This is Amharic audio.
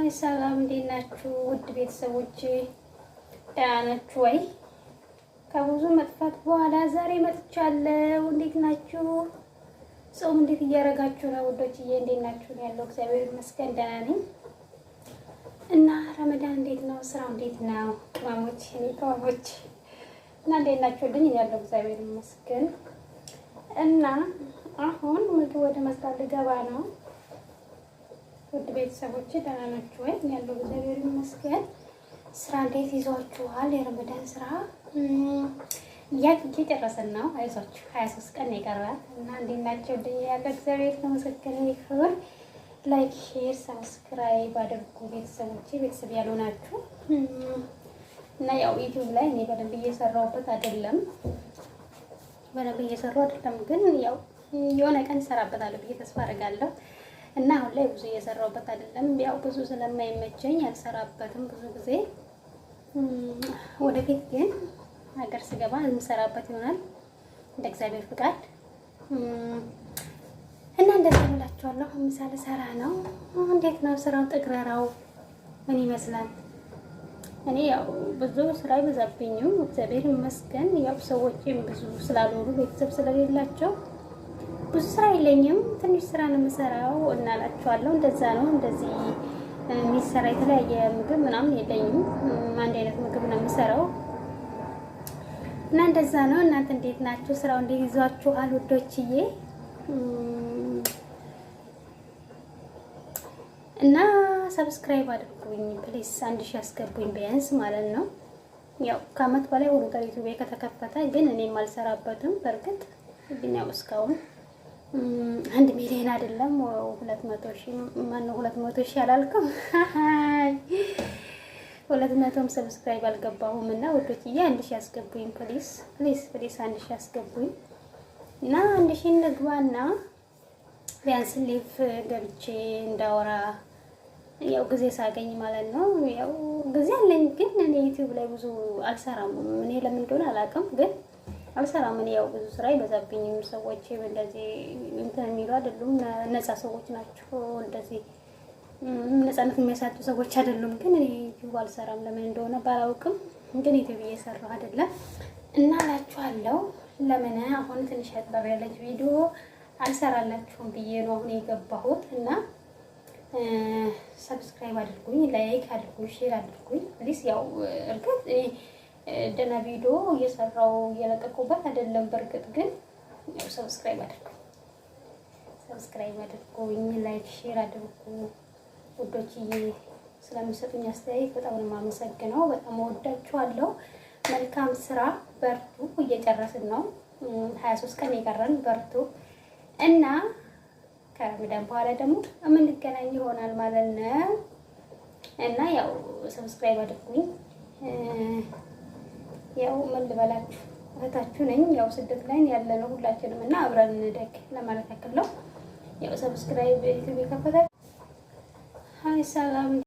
አይ ሰላም፣ እንዴት ናችሁ ውድ ቤተሰቦች? ደህና ናችሁ ወይ? ከብዙ መጥፋት በኋላ ዛሬ መጥቻለሁ። እንዴት ናችሁ? ጾም እንዴት እያደረጋችሁ ነው ውዶችዬ? እንዴት ናችሁ ያለው? እግዚአብሔር ይመስገን ደህና ነኝ። እና ረመዳን እንዴት ነው? ስራው እንዴት ነው? ቅመሞች እኔ ቅመሞች እና እንዴት ናችሁልኝ? ያለው እግዚአብሔር ይመስገን። እና አሁን ምግብ ወደ መስራት ልገባ ነው ውድ ቤተሰቦች ደህና ናችሁ ወይ? ያለው እግዚአብሔር ይመስገን። ስራ እንዴት ይዟችኋል? የረመዳን ስራ እያክጌ ጨረስን ነው። አይዟችሁ፣ ሀያ ሶስት ቀን ይቀርባል እና እንዴት ናቸው ድ ያለው እግዚአብሔር ተመሰገነ ይሁን። ላይክ፣ ሼር፣ ሰብስክራይብ አድርጉ ቤተሰቦቼ። ቤተሰብ ያሉ ናችሁ እና ያው ዩቲዩብ ላይ እኔ በደንብ እየሰራሁበት አይደለም፣ በደንብ እየሰራሁ አይደለም፣ ግን ያው የሆነ ቀን እሰራበታለሁ ብዬ ተስፋ አድርጋለሁ። እና አሁን ላይ ብዙ እየሰራሁበት አይደለም። ያው ብዙ ስለማይመቸኝ አልሰራበትም ብዙ ጊዜ። ወደፊት ግን ሀገር ስገባ የምሰራበት ይሆናል እንደ እግዚአብሔር ፍቃድ እና እንደዚህ ብላችኋለሁ። ምሳሌ ሰራ ነው። እንዴት ነው ስራው? ጥግረራው ምን ይመስላል? እኔ ያው ብዙ ስራ አይበዛብኝም፣ እግዚአብሔር ይመስገን። ያው ሰዎችም ብዙ ስላልሆኑ ቤተሰብ ስለሌላቸው ብዙ ስራ የለኝም፣ ትንሽ ስራ ነው የምሰራው እናላችኋለሁ። እንደዛ ነው እንደዚህ የሚሰራ የተለያየ ምግብ ምናምን የለኝም። አንድ አይነት ምግብ ነው የምሰራው እና እንደዛ ነው። እናንተ እንዴት ናችሁ? ስራው እንዴት ይዟችኋል ውዶችዬ? እና ሰብስክራይብ አድርጉኝ ፕሊስ፣ አንድ ሺህ አስገቡኝ ቢያንስ ማለት ነው። ያው ከአመት በላይ ሆኖታል ዩቱቤ ከተከፈተ፣ ግን እኔም አልሰራበትም በእርግጥ ግን ያው እስካሁን አንድ ሚሊዮን አይደለም ሁለት መቶ ሺህ ማነው ሁለት መቶ ሺህ አላልኩም ሁለት መቶም ሰብስክራይብ አልገባሁም እና ወዶችዬ አንድ ሺህ አስገቡኝ ፕሊስ ፕሊስ ፕሊስ አንድ ሺህ አስገቡኝ እና አንድ ሺህ እንግባና ቢያንስ ሊፍ ገብቼ እንዳወራ ያው ጊዜ ሳገኝ ማለት ነው ያው ጊዜ አለኝ ግን እኔ ዩቲዩብ ላይ ብዙ አልሰራም እኔ ለምን እንደሆነ አላውቅም ግን አልሰራም። እኔ ያው ብዙ ስራ ይበዛብኝም ሰዎች እንደዚህ እንትን የሚሉ አይደሉም። ነፃ ሰዎች ናቸው። እንደዚህ ነፃነት የሚያሳጡ ሰዎች አይደሉም። ግን እኔ አልሰራም። ለምን እንደሆነ ባላውቅም ግን ዩቲዩብ እየሰራሁ አይደለም እና እላችኋለሁ። ለምን አሁን ትንሽ አጠር ያለች ቪዲዮ አልሰራላችሁም ብዬ ነው አሁን የገባሁት እና ሰብስክራይብ አድርጉኝ፣ ላይክ አድርጉኝ፣ ሼር አድርጉኝ ፕሊስ። ያው እርግጥ ደህና ቪዲዮ እየሰራው እየለቀቁበት አይደለም። በእርግጥ ግን ሰብስክራይብ አድርጉ፣ ሰብስክራይብ አድርጉኝ፣ ላይክ ሼር አድርጉ ውዶችዬ። ስለሚሰጡኝ አስተያየት በጣም ነው የማመሰግነው። በጣም ወዳችኋለሁ። መልካም ስራ፣ በርቱ። እየጨረስን ነው፣ 23 ቀን የቀረን በርቱ እና ከረመዳን በኋላ ደግሞ የምንገናኝ ይሆናል ማለት ነው እና ያው ሰብስክራይብ አድርጉኝ። ያው ምን ልበላችሁ እህታችሁ ነኝ። ያው ስደት ላይ ያለ ነው ሁላችንም እና አብረን እንደግ ለማለት ያክል ነው። ያው ሰብስክራይብ ዩቲዩብ ከፈታችሁ ሀይ ሰላም